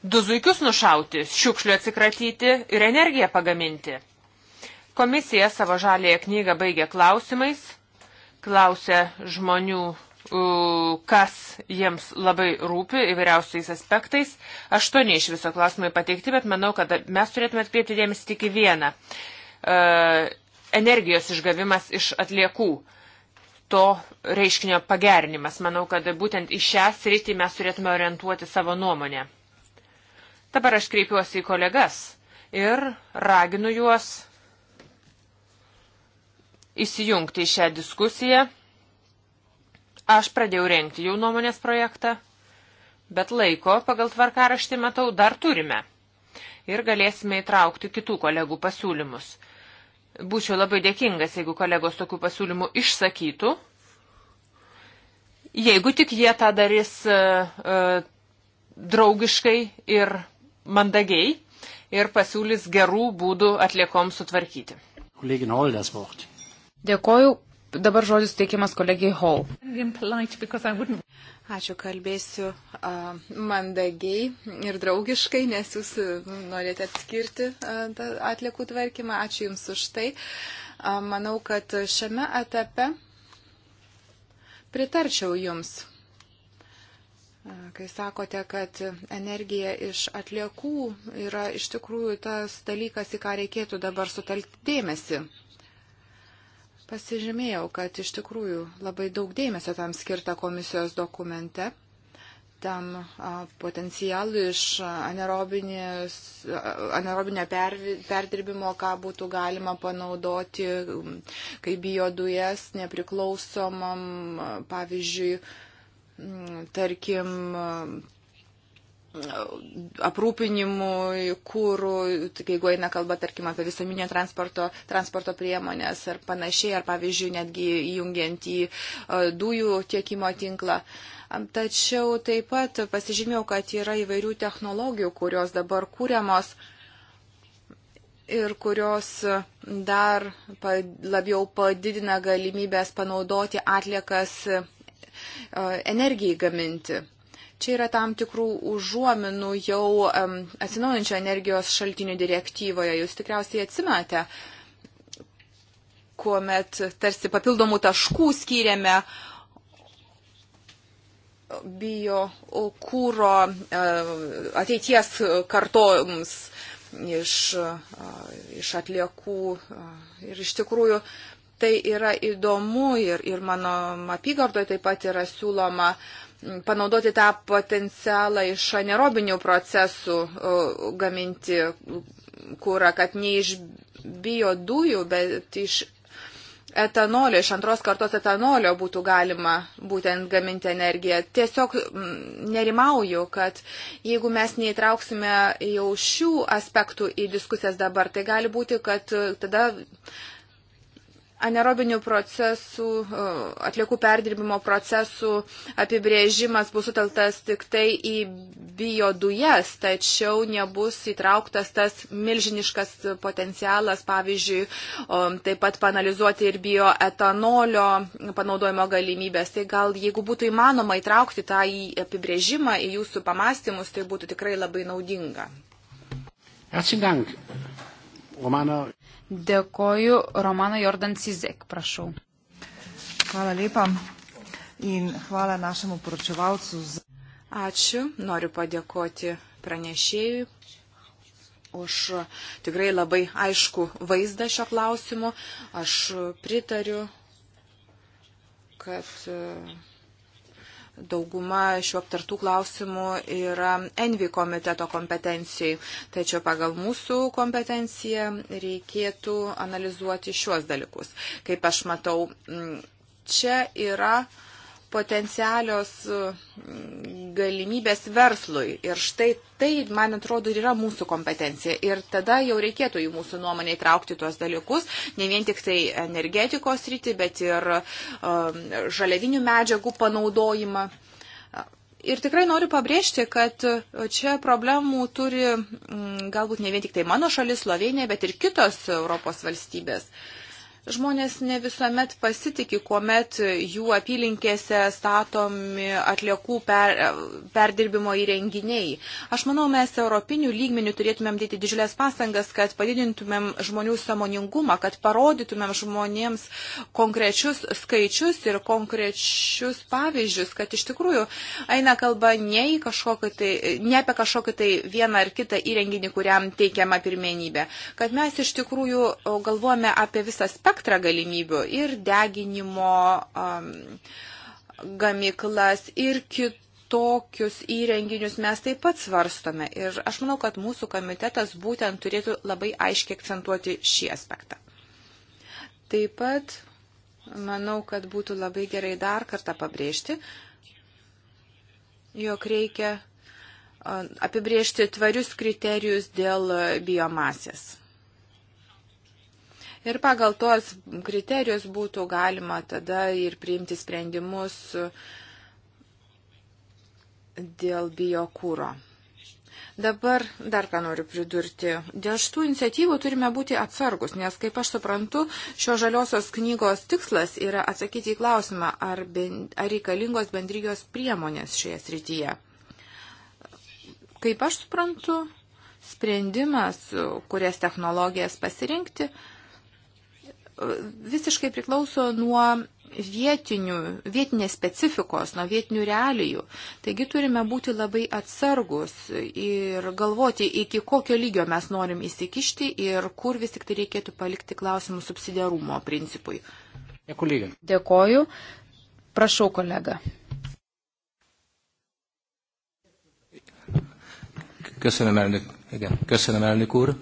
du zuikius nušauti, šiukšlių atsikratyti ir energiją pagaminti. Komisija savo žalėje knygą baigė klausimais, klausė žmonių, kas jiems labai rūpi įvairiausiais aspektais. Aštuoni iš viso klausimai pateikti, bet manau, kad mes turėtume atkreipti dėmesį tik į vieną. E, energijos išgavimas iš atliekų to reiškinio pagerinimas. Manau, kad būtent į šią sritį mes turėtume orientuoti savo nuomonę. Dabar aš kreipiuosi į kolegas ir raginu juos įsijungti į šią diskusiją. Aš pradėjau renkti jau nuomonės projektą, bet laiko pagal tvarkaraštį matau dar turime ir galėsime įtraukti kitų kolegų pasiūlymus. Būčiau labai dėkingas, jeigu kolegos tokių pasiūlymų išsakytų, jeigu tik jie tą darys e, e, draugiškai ir mandagiai ir pasiūlys gerų būdų atliekom sutvarkyti. Dėkoju, Dabar žodis teikiamas kolegijai Hall. Ačiū, kalbėsiu uh, mandagiai ir draugiškai, nes jūs norėte atskirti uh, atliekų tvarkymą. Ačiū Jums už tai. Uh, manau, kad šiame etape pritarčiau Jums, uh, kai sakote, kad energija iš atliekų yra iš tikrųjų tas dalykas, į ką reikėtų dabar sutelkti dėmesį. Pasižymėjau, kad iš tikrųjų labai daug dėmesio tam skirta komisijos dokumente, tam potencialui iš anerobinio perdirbimo, ką būtų galima panaudoti, kaip biodujas nepriklausomam, pavyzdžiui, tarkim, aprūpinimui, kūrų, jeigu eina kalba, tarkim, apie visuominio transporto, transporto priemonės ar panašiai, ar pavyzdžiui, netgi įjungiant į e, dujų tiekimo tinklą. Tačiau taip pat pasižymėjau, kad yra įvairių technologijų, kurios dabar kūriamos ir kurios dar labiau padidina galimybės panaudoti atliekas e, energijai gaminti. Čia yra tam tikrų užuominų jau um, atsinaujančio energijos šaltinių direktyvoje. Jūs tikriausiai atsimate, kuomet tarsi papildomų taškų skiriame bio kūro e, ateities kartoms iš, e, iš atliekų. E, ir iš tikrųjų tai yra įdomu ir, ir mano apygardoje taip pat yra siūloma uh, panaudoti tą potencialą iš anerobinių procesų gaminti kūrą, kad ne iš biodujų, bet iš etanolio, iš antros kartos etanolio būtų galima būtent gaminti energiją. Tiesiog nerimauju, kad jeigu mes neįtrauksime jau šių aspektų į diskusijas dabar, tai gali būti, kad tada Anerobinių procesų, e, atliekų perdirbimo procesų apibrėžimas bus suteltas tik tai į biodujas, tačiau nebus įtrauktas tas milžiniškas potencialas, pavyzdžiui, taip pat panalizuoti ir bioetanolio panaudojimo galimybės. Tai gal jeigu būtų įmanoma įtraukti tą į apibrėžimą, į jūsų pamastymus, tai būtų tikrai labai naudinga. Ačiū, Dank. Romano. Dėkoju. Romana Jordan Cizek, prašau. Hvala lepa in hvala našemu poročevalcu. Ačiū. Noriu padėkoti pranešėjui už tikrai labai aišku vaizdą šio klausimu. Aš pritariu, kad. Uh, Dauguma šių aptartų klausimų yra Envi komiteto kompetencijai, tačiau pagal mūsų kompetenciją reikėtų analizuoti šiuos dalykus. Kaip aš matau, čia yra uh, potencialios mm, galimybės verslui. Ir štai tai, man atrodo, yra mūsų kompetencija. Ir tada jau reikėtų į mūsų nuomonę įtraukti tuos dalykus, ne vien tik tai energetikos rytį, bet ir um, žaliavinių medžiagų panaudojimą. Ir tikrai noriu pabrėžti, kad čia problemų turi mm, galbūt ne vien tik tai mano šalis, Slovenija, bet ir kitos Europos valstybės. Uh, Žmonės ne visuomet pasitikė, kuomet jų apylinkėse statomi atliekų per, perdirbimo įrenginiai. Aš manau, mes europinių lygmenių turėtumėm dėti didžiulės pastangas, kad padidintumėm žmonių samoningumą, kad parodytumėm žmonėms konkrečius skaičius ir konkrečius pavyzdžius, kad iš tikrųjų eina kalba ne, tai, ne apie kažkokį tai vieną ar kitą įrenginį, kuriam teikiama pirmenybė. Kad mes iš tikrųjų galvojame apie visą spektrą spektrą galimybių ir deginimo um, gamiklas ir kitų tokius įrenginius mes taip pat svarstome. Ir aš manau, kad mūsų komitetas būtent turėtų labai aiškiai akcentuoti šį aspektą. Taip pat manau, kad būtų labai gerai dar kartą pabrėžti, jog reikia apibrėžti tvarius kriterijus dėl biomasės. Ir pagal tuos kriterijus būtų galima tada ir priimti sprendimus dėl biokūro. Dabar dar ką noriu pridurti. Dėl šitų iniciatyvų turime būti atsargus, nes, kaip aš suprantu, šio žaliosios knygos tikslas yra atsakyti į klausimą, ar, ben, ar reikalingos bendrijos priemonės šioje srityje. Kaip aš suprantu, sprendimas, kurias technologijas pasirinkti, uh, visiškai priklauso nuo vietinių, vietinės specifikos, nuo vietinių realijų. Taigi turime būti labai atsargus ir galvoti, iki kokio lygio mes norim įsikišti ir kur vis tik tai reikėtų palikti klausimų subsidiarumo principui. Dėkoju. Prašau, kolega. Köszönöm elnök, igen, köszönöm elnök úr.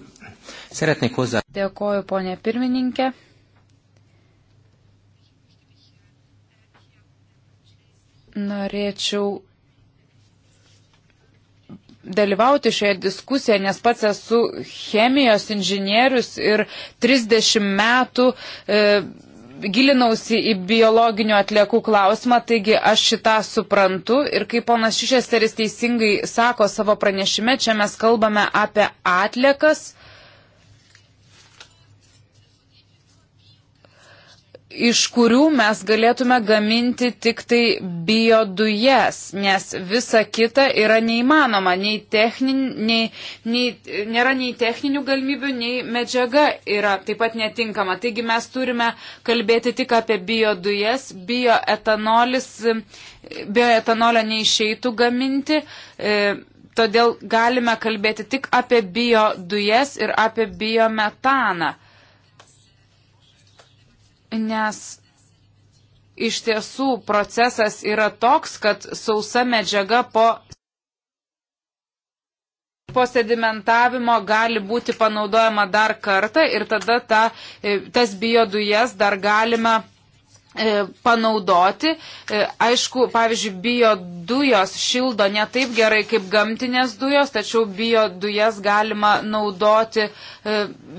Szeretnék hozzá... Dėkoju, ponė pirmininkė. norėčiau dalyvauti šioje diskusijoje, nes pats esu chemijos inžinierius ir 30 metų e, gilinausi į biologinių atliekų klausimą, taigi aš šitą suprantu ir kaip ponas Šišesteris teisingai sako savo pranešime, čia mes kalbame apie atliekas iš kurių mes galėtume gaminti tik tai biodujas, nes visa kita yra neįmanoma, nei technin, nei, nei, nėra nei techninių galimybių, nei medžiaga yra taip pat netinkama. Taigi mes turime kalbėti tik apie biodujas, bioetanolis, bioetanolio neišeitų gaminti. E, Todėl galime kalbėti tik apie biodujas ir apie biometaną nes iš tiesų procesas yra toks, kad sausa medžiaga po, po sedimentavimo gali būti panaudojama dar kartą ir tada ta, e, tas biodujas dar galima e, panaudoti. E, aišku, pavyzdžiui, biodujos šildo ne taip gerai kaip gamtinės dujos, tačiau biodujas galima naudoti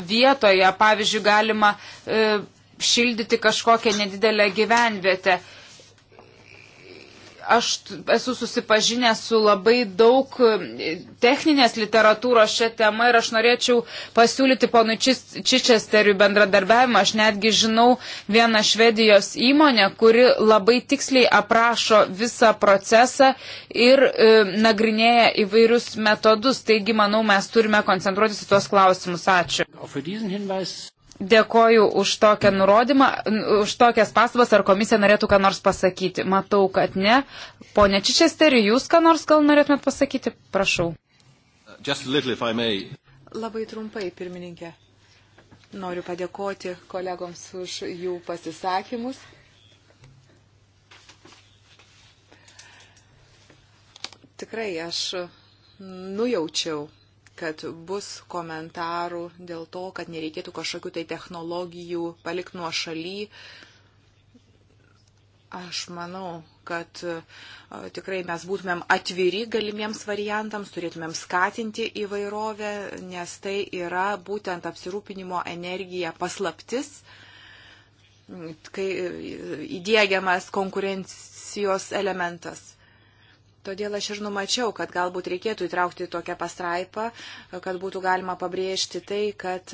vietoje. Pavyzdžiui, galima šildyti kažkokią nedidelę gyvenvietę. Aš esu susipažinęs su labai daug e, techninės literatūros šią temą ir aš norėčiau pasiūlyti ponui Čičesteriui bendradarbiavimą. Aš netgi žinau vieną švedijos įmonę, kuri labai tiksliai aprašo visą procesą ir e, nagrinėja įvairius metodus. Taigi, manau, mes turime koncentruotis į tuos klausimus. Ačiū. Dėkoju už tokią nurodymą, už tokias pastabas, ar komisija norėtų ką nors pasakyti. Matau, kad ne. Pone Čičesteri, jūs ką nors gal norėtumėt pasakyti? Prašau. Little, Labai trumpai, pirmininkė. Noriu padėkoti kolegoms už jų pasisakymus. Tikrai aš nujaučiau kad bus komentarų dėl to, kad nereikėtų kažkokių tai technologijų palikti nuo šaly. Aš manau, kad e, tikrai mes būtumėm atviri galimiems variantams, turėtumėm skatinti įvairovę, nes tai yra būtent apsirūpinimo energija paslaptis, kai e, įdėgiamas konkurencijos elementas. Todėl aš ir numačiau, kad galbūt reikėtų įtraukti tokią pastraipą, kad būtų galima pabrėžti tai, kad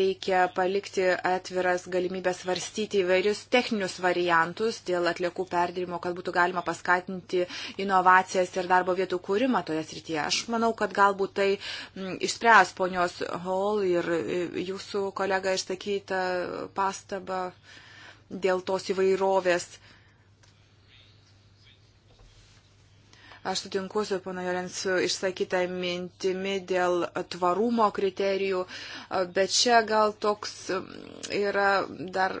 reikia palikti atviras galimybės svarstyti įvairius techninius variantus dėl atliekų perdirimo, kad būtų galima paskatinti inovacijas ir darbo vietų kūrimą toje srityje. Aš manau, kad galbūt tai mm, išspręs ponios Hall ir e, jūsų kolega išsakytą pastabą dėl tos įvairovės Aš sutinku su pana Jorensu išsakytą mintimi dėl tvarumo kriterijų, bet čia gal toks um, yra dar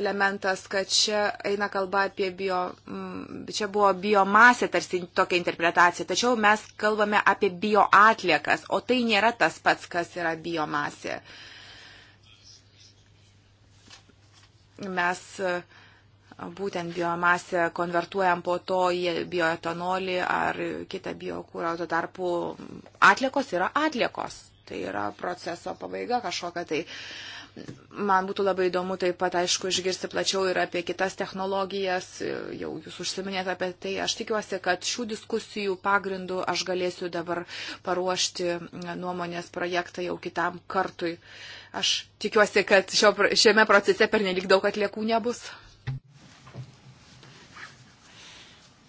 elementas, kad čia eina kalba apie bio, mm, čia buvo biomasė, tarsi tokia interpretacija, tačiau mes kalbame apie bioatliekas, o tai nėra tas pats, kas yra biomasė. Mes uh, būtent biomasę konvertuojam po to į bioetanolį ar kitą biokūrą, tuo tarpu atliekos yra atliekos. Tai yra proceso pabaiga kažkokia tai. Man būtų labai įdomu taip pat, aišku, išgirsti plačiau ir apie kitas technologijas, jau jūs užsiminėte apie tai. Aš tikiuosi, kad šių diskusijų pagrindų aš galėsiu dabar paruošti nuomonės projektą jau kitam kartui. Aš tikiuosi, kad šio, šiame procese per nelik daug atliekų nebus.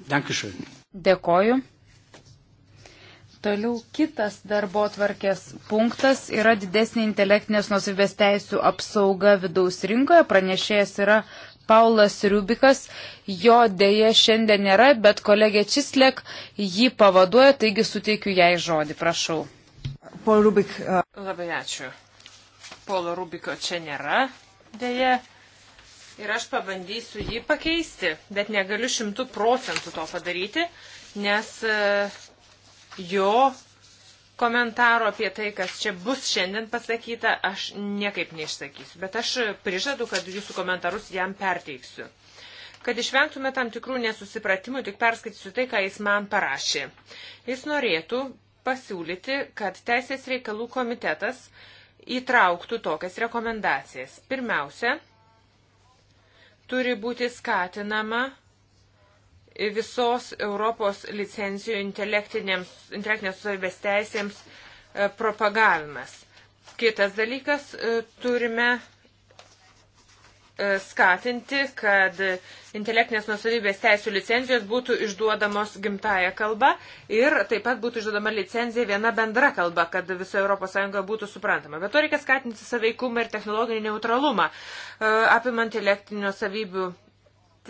Dankeschön. Dėkoju. Toliau kitas darbo tvarkės punktas yra didesnė intelektinės nusivės teisų apsauga vidaus rinkoje. Pranešėjas yra Paulas Rubikas. Jo dėje šiandien nėra, bet kolegė Čislek jį pavaduoja, taigi suteikiu jai žodį. Prašau. Paul Rubik. Uh... Labai ačiū. Paulo Rubiko čia nėra dėje ir aš pabandysiu jį pakeisti, bet negaliu šimtų procentų to padaryti, nes e, jo komentaro apie tai, kas čia bus šiandien pasakyta, aš niekaip neišsakysiu, bet aš prižadu, kad jūsų komentarus jam perteiksiu. Kad išvengtume tam tikrų nesusipratimų, tik perskaitysiu tai, ką jis man parašė. Jis norėtų pasiūlyti, kad Teisės reikalų komitetas įtrauktų tokias rekomendacijas. Pirmiausia, turi būti skatinama visos Europos licencijų intelektinės nusavybės teisėms e, propagavimas. Kitas dalykas, e, turime E, skatinti, kad intelektinės nusavybės teisų licenzijos būtų išduodamos gimtaja kalba ir taip pat būtų išduodama licenzija viena bendra kalba, kad visoje ES būtų suprantama. Bet to reikia skatinti saveikumą ir technologinį neutralumą, e, apimant intelektinių savybių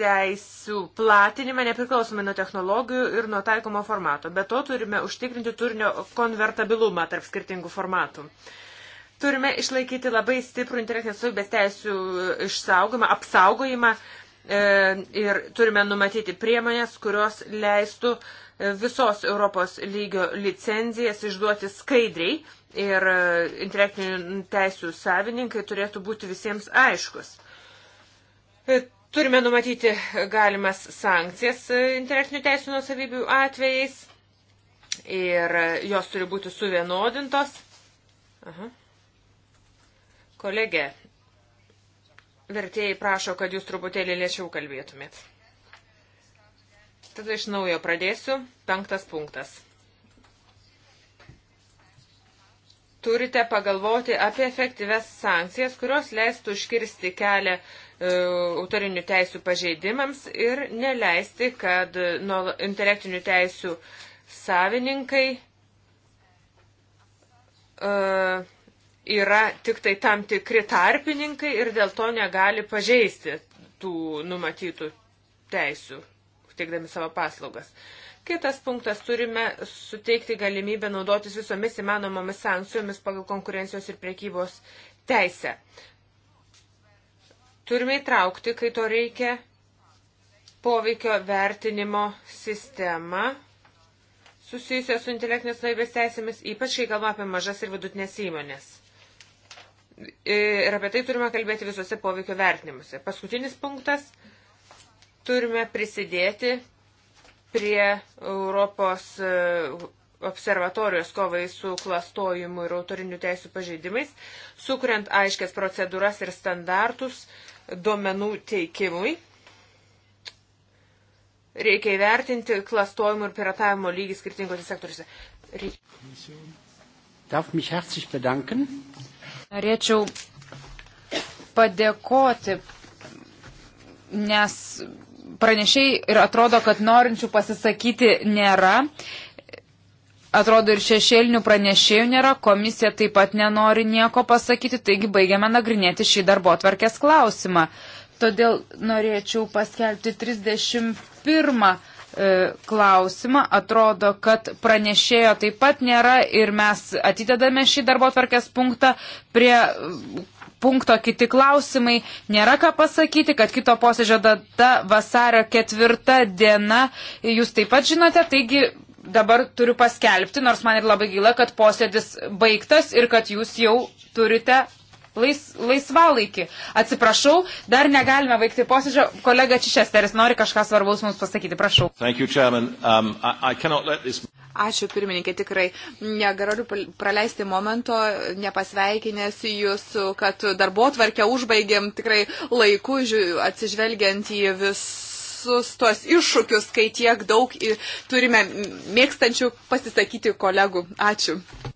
teisų platinimą nepriklausomai nuo technologijų ir nuo taikomo formato. Be to turime užtikrinti turinio konvertabilumą tarp skirtingų formatų. Uh, Turime išlaikyti labai stiprų intelektinės savybės teisų e, išsaugojimą, apsaugojimą e, ir turime numatyti priemonės, kurios leistų e, visos Europos lygio licenzijas išduoti skaidriai ir intelektinių teisų savininkai turėtų būti visiems aiškus. Turime numatyti galimas sankcijas intelektinių teisų nusavybių atvejais ir jos turi būti suvienodintos. Aha. Kolegė, vertėjai prašo, kad jūs truputėlį lėčiau kalbėtumėt. Tada iš naujo pradėsiu. Penktas punktas. Turite pagalvoti apie efektyves sankcijas, kurios leistų užkirsti kelią e, autorinių teisų pažeidimams ir neleisti, kad e, nuo intelektinių teisų savininkai uh, yra tik tai tam tikri tarpininkai ir dėl to negali pažeisti tų numatytų teisių, teikdami savo paslaugas. Kitas punktas - turime suteikti galimybę naudotis visomis įmanomomis sankcijomis pagal konkurencijos ir priekybos teisę. Turime įtraukti, kai to reikia, poveikio vertinimo sistemą susijusios su intelektinės laivės teisėmis, ypač kai kalbame apie mažas ir vidutinės įmonės ir apie tai turime kalbėti visuose poveikio vertinimuose. Paskutinis punktas - turime prisidėti prie Europos e, observatorijos kovai su klastojimu ir autorinių teisų pažeidimais, sukuriant aiškias procedūras ir standartus duomenų teikimui. Reikia įvertinti klastojimų ir piratavimo lygį skirtingose sektoriuose. Reikia. Darf mich herzlich bedanken. Norėčiau padėkoti, nes pranešiai ir atrodo, kad norinčių pasisakyti nėra. Atrodo ir šešėlinių pranešėjų nėra, komisija taip pat nenori nieko pasakyti, taigi baigiame nagrinėti šį darbo atvarkės klausimą. Todėl norėčiau paskelbti 31 E, klausimą. Atrodo, kad pranešėjo taip pat nėra ir mes atidedame šį darbo tvarkės punktą prie e, punkto kiti klausimai. Nėra ką pasakyti, kad kito posėdžio data vasario ketvirta diena. Jūs taip pat žinote, taigi dabar turiu paskelbti, nors man ir labai gila, kad posėdis baigtas ir kad jūs jau turite lais, laisvalaikį. Atsiprašau, dar negalime vaikti posėdžio. Kolega Čišesteris nori kažką svarbaus mums pasakyti. Prašau. Thank you, chairman. um, I, I this... Ačiū pirmininkė, tikrai negaliu praleisti momento, nepasveikinęs jūs, kad darbo tvarkę užbaigėm tikrai laiku, atsižvelgiant į visus visus tuos iššūkius, kai tiek daug turime mėgstančių pasisakyti kolegų. Ačiū.